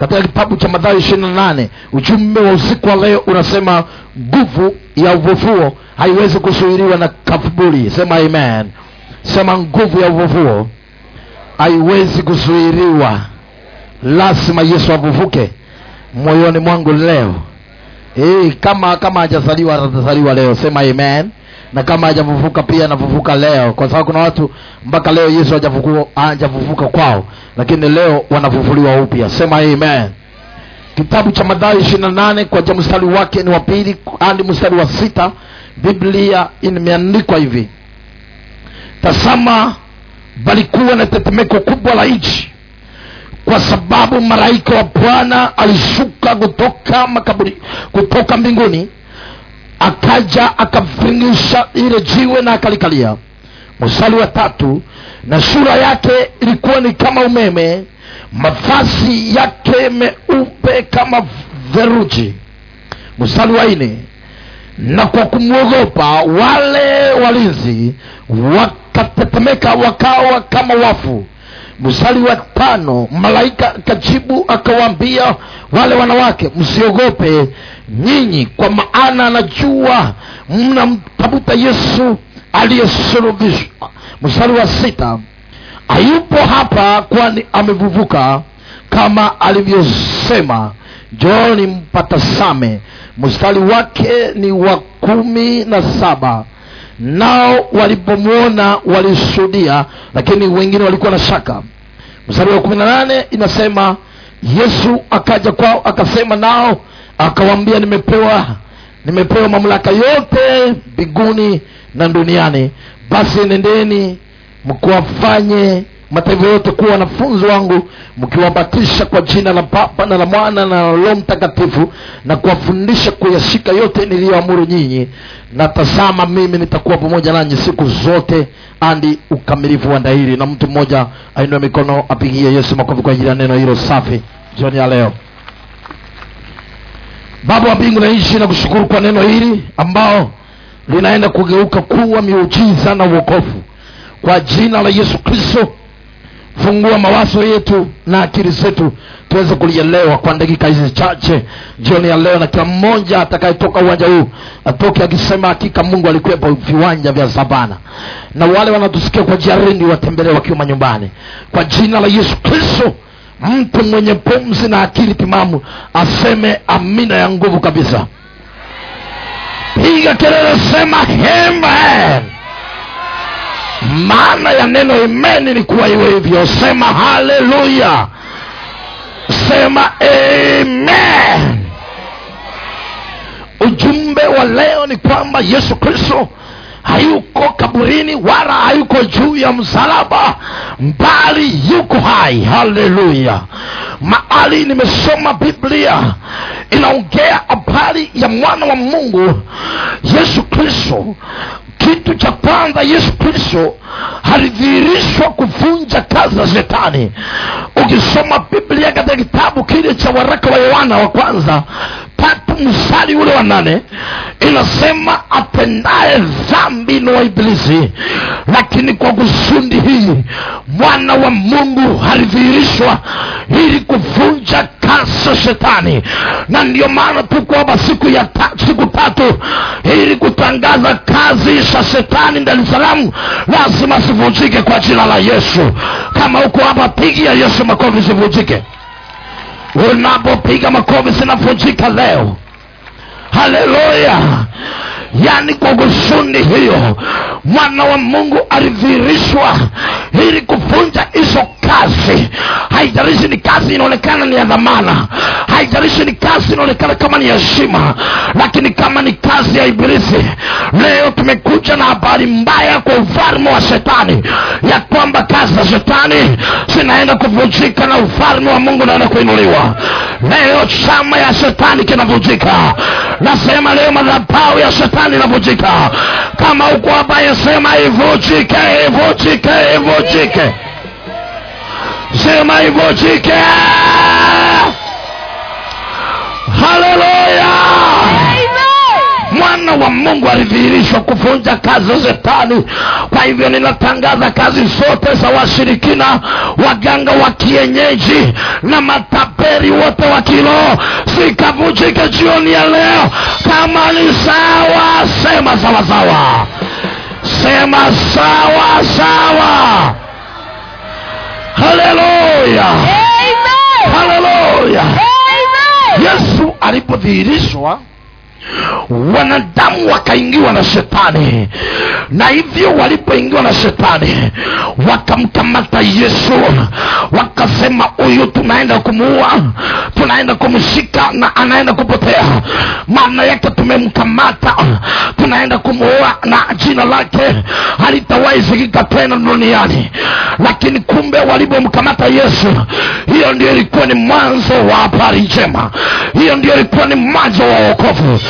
katika kitabu cha Mathayo ishirini na nane ujumbe wa usiku wa leo unasema nguvu ya ufufuo haiwezi kusuhiriwa na kaburi. Sema amen. Sema nguvu ya ufufuo haiwezi kusuhiriwa, lazima Yesu afufuke moyoni mwangu leo. Hey, kama kama hajazaliwa atazaliwa leo. Sema amen na kama hajafufuka pia anafufuka leo, kwa sababu kuna watu mpaka leo Yesu hajafufuka kwao, lakini leo wanafufuliwa upya. Sema amen. Kitabu cha Mathayo ishirini na nane kuanzia mstari wake ni wa pili hadi mstari wa sita Biblia imeandikwa hivi: tasama balikuwa na tetemeko kubwa la nchi, kwa sababu malaika wa Bwana alishuka kutoka makaburi, kutoka mbinguni akaja akavingisha ile jiwe na akalikalia. Mstari wa tatu, na sura yake ilikuwa ni kama umeme, mavazi yake meupe kama theluji. Mstari wa ine na kwa kumwogopa wale walinzi wakatetemeka, wakawa kama wafu mstari wa tano malaika akajibu akawaambia wale wanawake msiogope nyinyi kwa maana anajua mnamtafuta yesu aliyesulubishwa mstari wa sita hayupo hapa kwani amevuvuka kama alivyosema njooni mpatazame mstari wake ni wa kumi na saba nao walipomwona walishuhudia, lakini wengine walikuwa na shaka. Mstari wa kumi na nane inasema Yesu akaja kwao akasema nao akawaambia, nimepewa nimepewa mamlaka yote mbinguni na duniani, basi nendeni mkuwafanye mataifa yote kuwa wanafunzi wangu, mkiwabatisha kwa jina la Baba na la Mwana na la Roho Mtakatifu, na kuwafundisha kuyashika yote niliyoamuru nyinyi, na tazama, mimi nitakuwa pamoja nanyi siku zote hadi ukamilifu wa dahiri. Na mtu mmoja ainue mikono, apigie Yesu makofi kwa ajili ya neno hilo safi jioni ya leo. Baba wa mbingu naishi na kushukuru kwa neno hili ambao linaenda kugeuka kuwa miujiza na uokofu kwa jina la Yesu Kristo fungua mawazo yetu na akili zetu tuweze kulielewa kwa dakika hizi chache jioni ya leo, na kila mmoja atakayetoka uwanja huu atoke akisema hakika Mungu alikuwepo viwanja vya sabana na wale wanatusikia kwa jarini watembelee wakiwa manyumbani kwa jina la Yesu Kristo. Mtu mwenye pumzi na akili timamu aseme amina ya nguvu kabisa. Piga kelele, sema he maana ya neno imeni ni kuwa iwe hivyo. Sema haleluya, sema amen. Ujumbe wa leo ni kwamba Yesu Kristo hayuko kaburini wala hayuko juu ya msalaba mbali yuko hai haleluya maali nimesoma biblia inaongea habari ya mwana wa mungu yesu kristo kitu cha kwanza yesu kristo alidhihirishwa kuvunja kazi za shetani ukisoma biblia katika kitabu kile cha waraka wa yohana wa kwanza tatu mstari ule wa nane inasema atendaye dhambi ni wa Ibilisi, lakini kwa kusundi hii mwana wa Mungu alidhihirishwa ili kuvunja kazi shetani. Na ndiyo maana tukuomba siku ya ta, siku tatu ili kutangaza kazi za shetani Dar es salamu lazima zivunjike kwa jina la Yesu. Kama huko hapa, ya Yesu makovi zivunjike. Unapopiga makofi zinavunjika leo. Haleluya! yaani kwa huzuni hiyo mwana wa Mungu alidhihirishwa ili kufunja hizo kazi. haijarishi ni kazi inaonekana ni ya dhamana, haijarishi ni kazi inaonekana kama ni heshima, lakini kama ni kazi ya Ibilisi. Leo tumekuja na habari mbaya kwa ufalme wa Shetani ya kwamba kazi za Shetani zinaenda kuvunjika na ufalme wa Mungu unaenda kuinuliwa. Leo chama ya Shetani kinavunjika. Nasema leo madhabahu gani inavunjika? Kama uko hapa yasema ivunjike, ivunjike, ivunjike, sema ivunjike. Haleluya! mwana wa Mungu alidhihirishwa kuvunja kazi za Shetani. Kwa hivyo ninatangaza kazi zote za washirikina, waganga wa kienyeji na mataperi wote wa kiroho zikavunjike jioni ya leo. Kama ni sawa, sema sawasawa sema sawa sawa. Haleluya, haleluya. Yesu alipodhihirishwa wanadamu wakaingiwa na shetani na hivyo walipoingiwa na shetani wakamkamata Yesu wakasema huyu tunaenda kumuua tunaenda kumshika na anaenda kupotea maana yake tumemkamata tunaenda kumuua na jina lake halitawahi sikika tena duniani lakini kumbe walipomkamata Yesu ndio ilikuwa ni mwanzo wa habari njema, hiyo ndio ilikuwa ni mwanzo wa wokovu.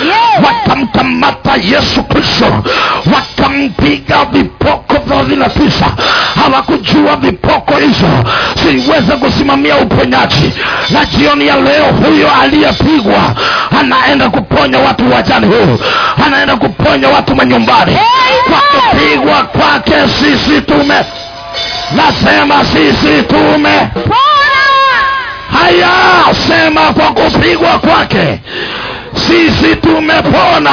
Wakamkamata Yesu Kristo, wakampiga vipoko thelathini na tisa. Hawakujua vipoko hizo ziliweza kusimamia uponyaji, na jioni ya leo huyo aliyepigwa anaenda kuponya watu wajani, huu anaenda kuponya watu manyumbani. Kwa kupigwa kwake sisi tume, nasema sisi tume haya sema kwa kupigwa kwake sisi tumepona.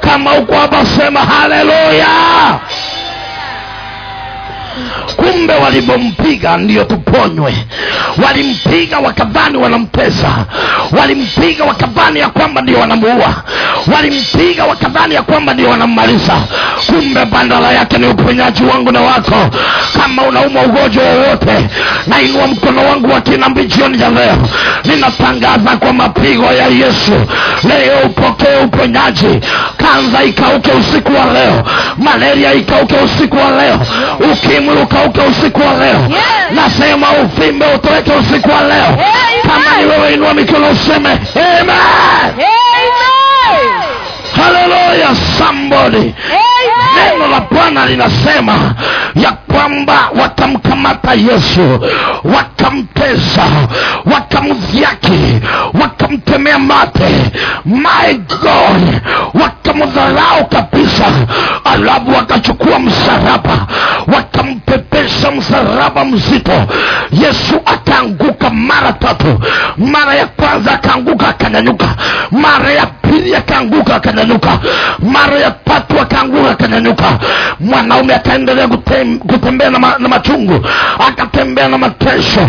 Kama uko hapa sema haleluya. Kumbe walivyompiga ndiyo tuponywe. Walimpiga wakadhani wanampesa, walimpiga wakadhani ya kwamba ndio wanamuua, walimpiga wakadhani ya kwamba ndio wanammaliza. Kumbe bandala yake ni uponyaji wangu na wako. Kama unauma ugonjwa wowote, nainua mkono wangu wa kinambi jioni ya leo, ninatangaza kwa mapigo ya Yesu leo upokee uponyaji. Kanza ikauke usiku wa leo malaria ikauke usiku wa leo, ukimwi ukauke usiku wa leo, nasema uvimbe utoweke usiku wa leo. Kama ni wewe, inua mikono useme Haleluya, sambodi Neno la Bwana linasema ya kwamba watamkamata Yesu, watamteza, watamdhyaki, watamtemea mate, my God, watamdharau kabisa, alafu wakachukua msalaba, watampepesha msalaba mzito. Yesu ataanguka mara tatu. Mara ya kwanza akaanguka akanyanyuka, mara ya pili akaanguka akanyanyuka, mara ya tatu akaanguka akanyanyuka. Mwanaume ataendelea kutem, kutem akatembea na, ma, na machungu akatembea na mateso.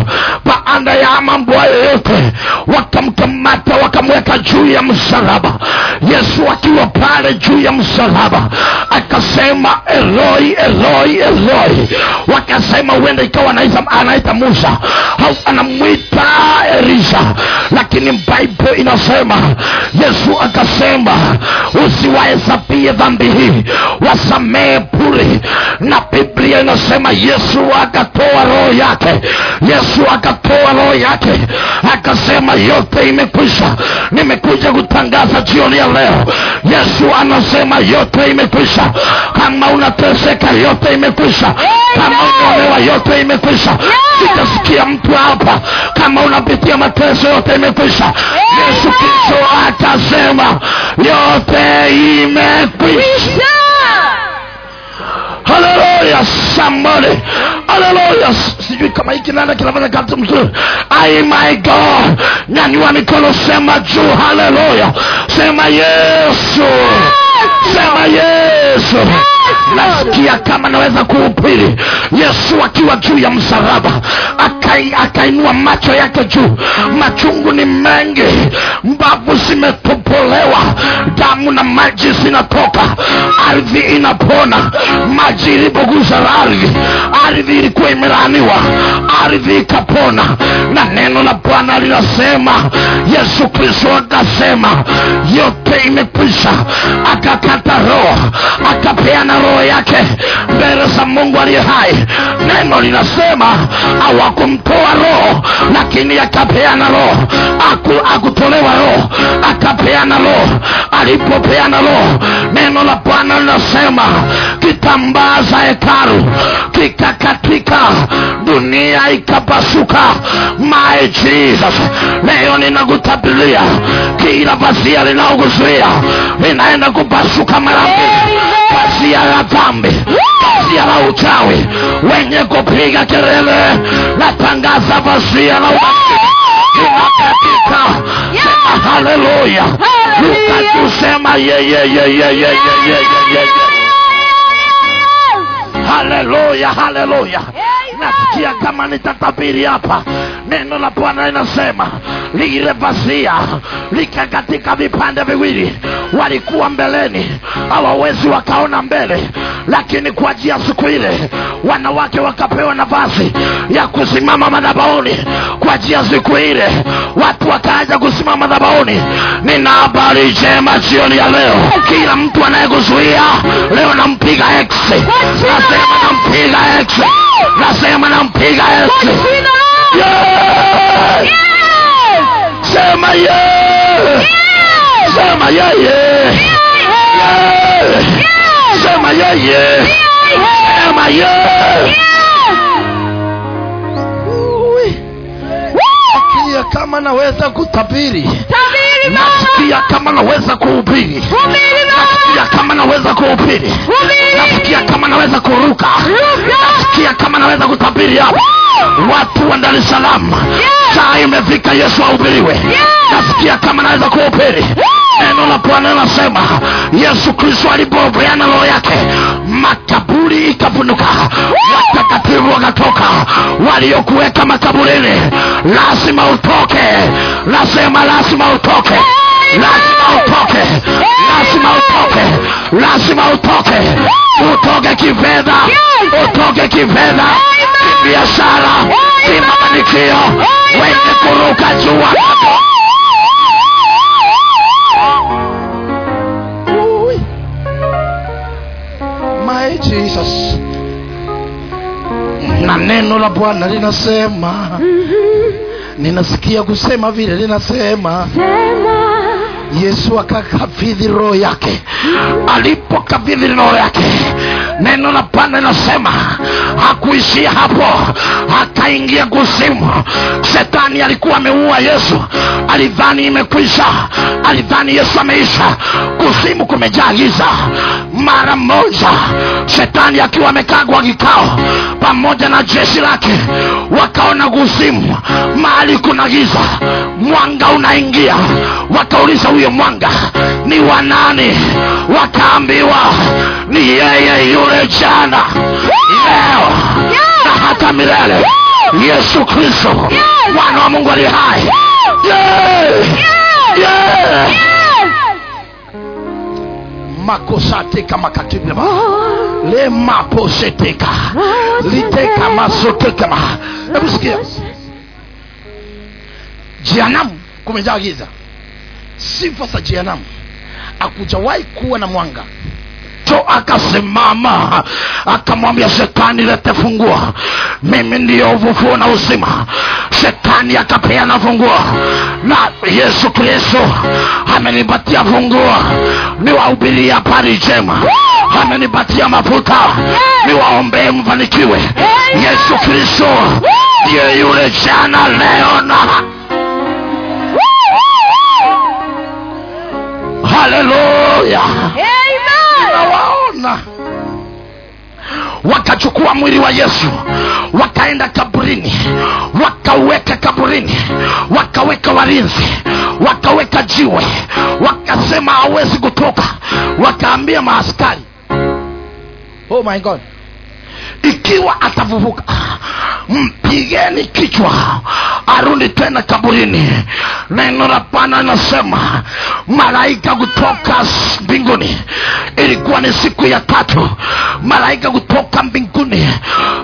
Baada ya mambo hayo yote, wakamkamata wakamweka juu ya msalaba. Yesu akiwa pale juu ya msalaba akasema Eloi, Eloi, Eloi. Wakasema huenda ikawa anaita Musa au anamwita erisa lakini baibo inasema Yesu akasema usiwahesabie dhambi hii, wasamee bure, na Biblia inasema anasema Yesu akatoa roho yake, Yesu akatoa roho yake, akasema yote imekwisha. Nimekuja kutangaza jioni ya leo, Yesu anasema yote imekwisha. Kama unateseka, yote imekwisha. Kama unaolewa, yote imekwisha. Sitasikia mtu hapa kama unapitia mateso, yote imekwisha. Yesu Kristo atasema yote imekwisha. amani. Haleluya! Sijui kama hiki kinanda kinafanya kazi mzuri. Ai, my God, nyanyua mikono, sema juu. Haleluya! Sema Yesu, sema Yesu nasikia kama naweza kuhubiri. Yesu akiwa juu ya msalaba akainua macho yake juu, machungu ni mengi, mbavu zimetopolewa damu na maji zinatoka, ardhi inapona, maji la ardhi ardhi ilikuwa imelaaniwa, ardhi ikapona. Na neno la Bwana linasema, Yesu Kristo akasema yote imekwisha, akakata roho, akapeana roho yake mbele za Mungu aliye hai. Neno linasema awakumtoa roho, lakini akapeana roho, akutolewa roho, akapeana roho. Alipopeana roho, neno la Bwana linasema kitambaa za hekaru kikaka katika dunia ikapasuka. My Jesus, leo ninakutabiria kila pazia linaokuzuia linaenda kupasuka mara mbili, pazia la dhambi, pazia la uchawi. Wenye kupiga kelele la tangaza pazia la umaskini inakatika. Sema haleluya, lukakusema yeyeyeyeyeyeye Haleluya, haleluya! Nasikia kama nitatabiri hapa. Neno la Bwana linasema lile pazia likakatika vipande viwili. Walikuwa mbeleni, hawawezi wakaona mbele lakini kwa ajili ya siku ile wanawake wakapewa nafasi ya kusimama madhabauni kwa ajili ya siku ile watu wakaanza kusimama madhabauni. Nina habari njema jioni ya leo, kila mtu anayekuzuia leo nampiga X, nasema nampiga X, nasema nampiga X. Sema ye, sema yeye sema yeye sema yeye nasikia kama naweza kutabiri nasikia kama naweza kuhubiri nasikia kama naweza kuupili nasikia kama naweza kuruka, nasikia kama naweza kutabiri hapa watu wa Dar es Saa imefika Yesu aubiriwe Nasikia kama naweza kuupili Neno la Bwana nasema Yesu Kristo alipopeana roho yake makaburi ikafunuka, watakatifu wakatoka, waliokuweka makaburini lazima utoke, nasema lazima utoke lazima utoke, lazima utoke, lazima utoke, utoke kifedha, utoke kifedha, kibiashara, kimafanikio, wenye kuruka jua Jesus. Na neno la Bwana linasema, mhm. ninasikia kusema vile linasema Sema. Yesu akakabidhi roho yake. Alipokabidhi roho yake, Neno la Bwana linasema hakuishia hapo, akaingia kuzimu. Shetani alikuwa ameua Yesu, alidhani imekwisha, alidhani Yesu ameisha. Kuzimu kumejaa giza. Mara moja shetani akiwa amekaa kwa kikao pamoja na jeshi lake, wakaona kuzimu, mahali kuna giza, mwanga unaingia. Wakauliza, huyo mwanga ni wa nani? Wakaambiwa ni yeye yule jana, leo na hata milele. Yesu Kristo mwana wa Mungu ali hai. makosateka makatibima lemaposeteka liteka masotekema. ebusikia jianamu kumejaa giza. Sifa za jianamu akujawahi kuwa na mwanga. Petro akasimama akamwambia Shetani, lete funguo, mimi ndiyo ufufuo na uzima. Shetani akapeana funguo, na Yesu Kristo amenipatia funguo, niwahubiria habari njema, amenipatia mafuta, niwaombee mfanikiwe. Yesu Kristo ndiye yule jana, leo na Haleluya! wanawaona watachukua mwili wa Yesu wataenda kaburini, wakauweka kaburini, wakaweka walinzi, wakaweka jiwe, wakasema hawezi kutoka, wakaambia maaskari. Oh my God ikiwa atafufuka, mpigeni kichwa arudi tena kaburini. Neno la Bwana linasema malaika kutoka mbinguni, ilikuwa ni siku ya tatu, malaika kutoka mbinguni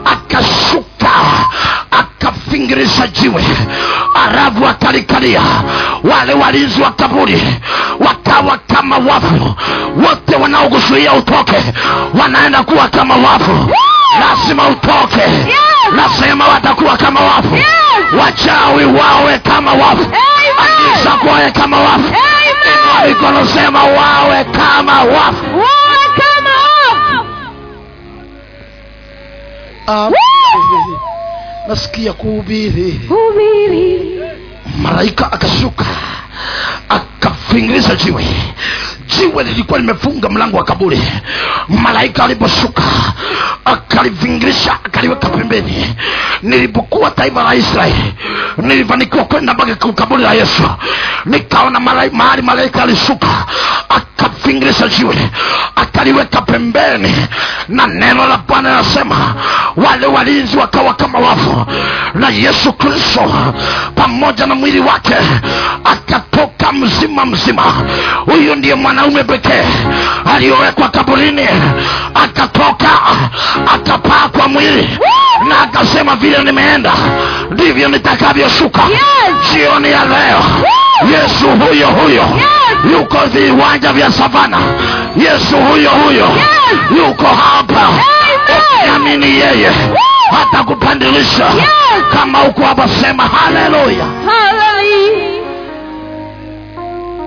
akashuka akafingirisha jiwe, arabu akalikalia. Wale walinzi wa kaburi wakawa kama wafu, wote wanaokuzuia utoke wanaenda kuwa kama wafu lazima utoke yes. Nasema watakuwa kama wafu Wachawi wawe kama wafu agiza kuwawe kama wafu mikono, sema wawe kama wafu, wawe kama wafu. Um, nasikia kuhubiri, malaika akashuka akafingirisha jiwe, jiwe lilikuwa limefunga mlango wa kaburi. Malaika aliposhuka nilipokuwa taifa la Israeli nilifanikiwa kwenda mpaka kaburi la Yesu, nikaona mahali malaika alishuka kuingilisha jiwe akaliweka pembeni, na neno la Bwana anasema wale walinzi wakawa kama wafu, na Yesu Kristo pamoja na mwili wake akatoka mzima mzima. Huyu ndiye mwanaume pekee aliyowekwa kaburini, akatoka akapaa kwa mwili na akasema, vile nimeenda ndivyo nitakavyoshuka. Jioni yes. ya leo Yesu huyo huyo yes. yuko viwanja vya safari Bwana Yesu huyo huyo yuko hapa ukiamini yeye hata kupandilisha kama uko hapa sema haleluya.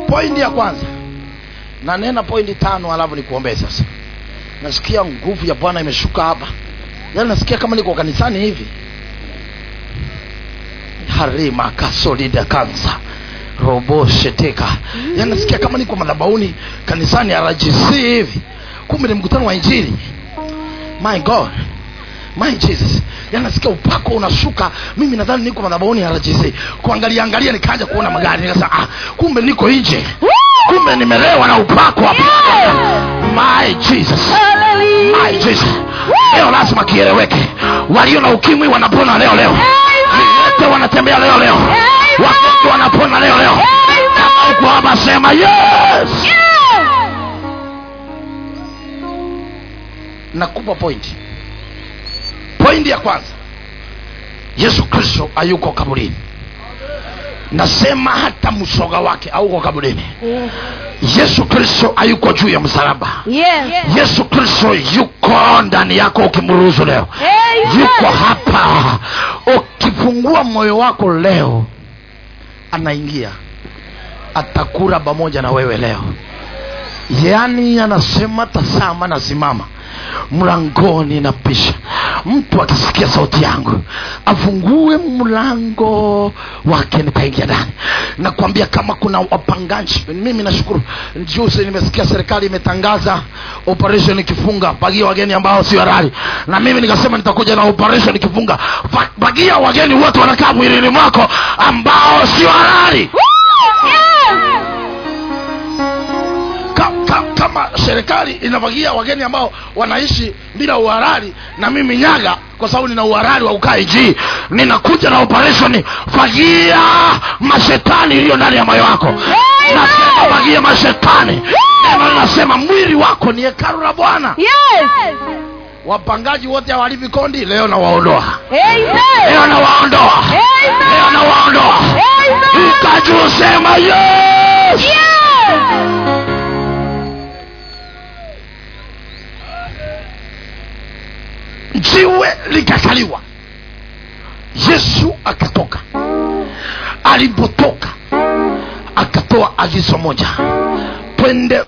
Pointi ya kwanza na nena pointi tano, alafu nikuombee sasa. Nasikia nguvu ya Bwana imeshuka hapa, yani nasikia kama niko kanisani hivi. harima kasolida kansa robo sheteka mm. nasikia kama niko madhabauni kanisani RGC hivi, kumbe ni mkutano wa Injili. My God, my Jesus, yani nasikia upako unashuka. Mimi nadhani niko madhabauni RGC, kuangalia angalia nikaanza kuona magari, nikasema ah, kumbe niko nje, kumbe nimelewa na upako hapa yeah. My Jesus, my Jesus, leo lazima kieleweke. Walio na ukimwi wanapona leo leo, wanatembea leo leo, Waka mtu anapona leo leo. Kuaba sema yes, yes. Nakupa point pointi ya kwanza, Yesu Kristo ayuko kaburini. Nasema hata msoga wake auko kaburini. Yesu Kristo ayuko juu ya msalaba. Yesu Kristo yuko ndani yako ukimruhusu leo. yuko hapa ukifungua moyo wako leo anaingia atakura pamoja na wewe leo. Yaani anasema, tasama nasimama mlangoni napisha, mtu akisikia sauti yangu afungue mlango wake nikaingia ndani. Nakwambia kama kuna wapanganji mimi nashukuru juzi nimesikia serikali imetangaza operation ikifunga bagia wageni ambao sio halali, na mimi nikasema nitakuja na operation ikifunga bagia wageni wote wanakaa mwilini mwako ambao sio halali. kama serikali inavagia wageni ambao wanaishi bila uharari, na mimi nyaga, kwa sababu nina uharari wa ukaaji, ninakuja na operation fagia mashetani iliyo ndani ya moyo wako. Nasema fagia mashetani, linasema mwili wako ni hekalu la Bwana. Yes. Wapangaji wote hawali vikondi leo, nawaondoa leo, nawaondoa leo, nawaondoa. Ukajua sema yes. jiwe likakaliwa yesu akatoka alipotoka akatoa agizo moja twende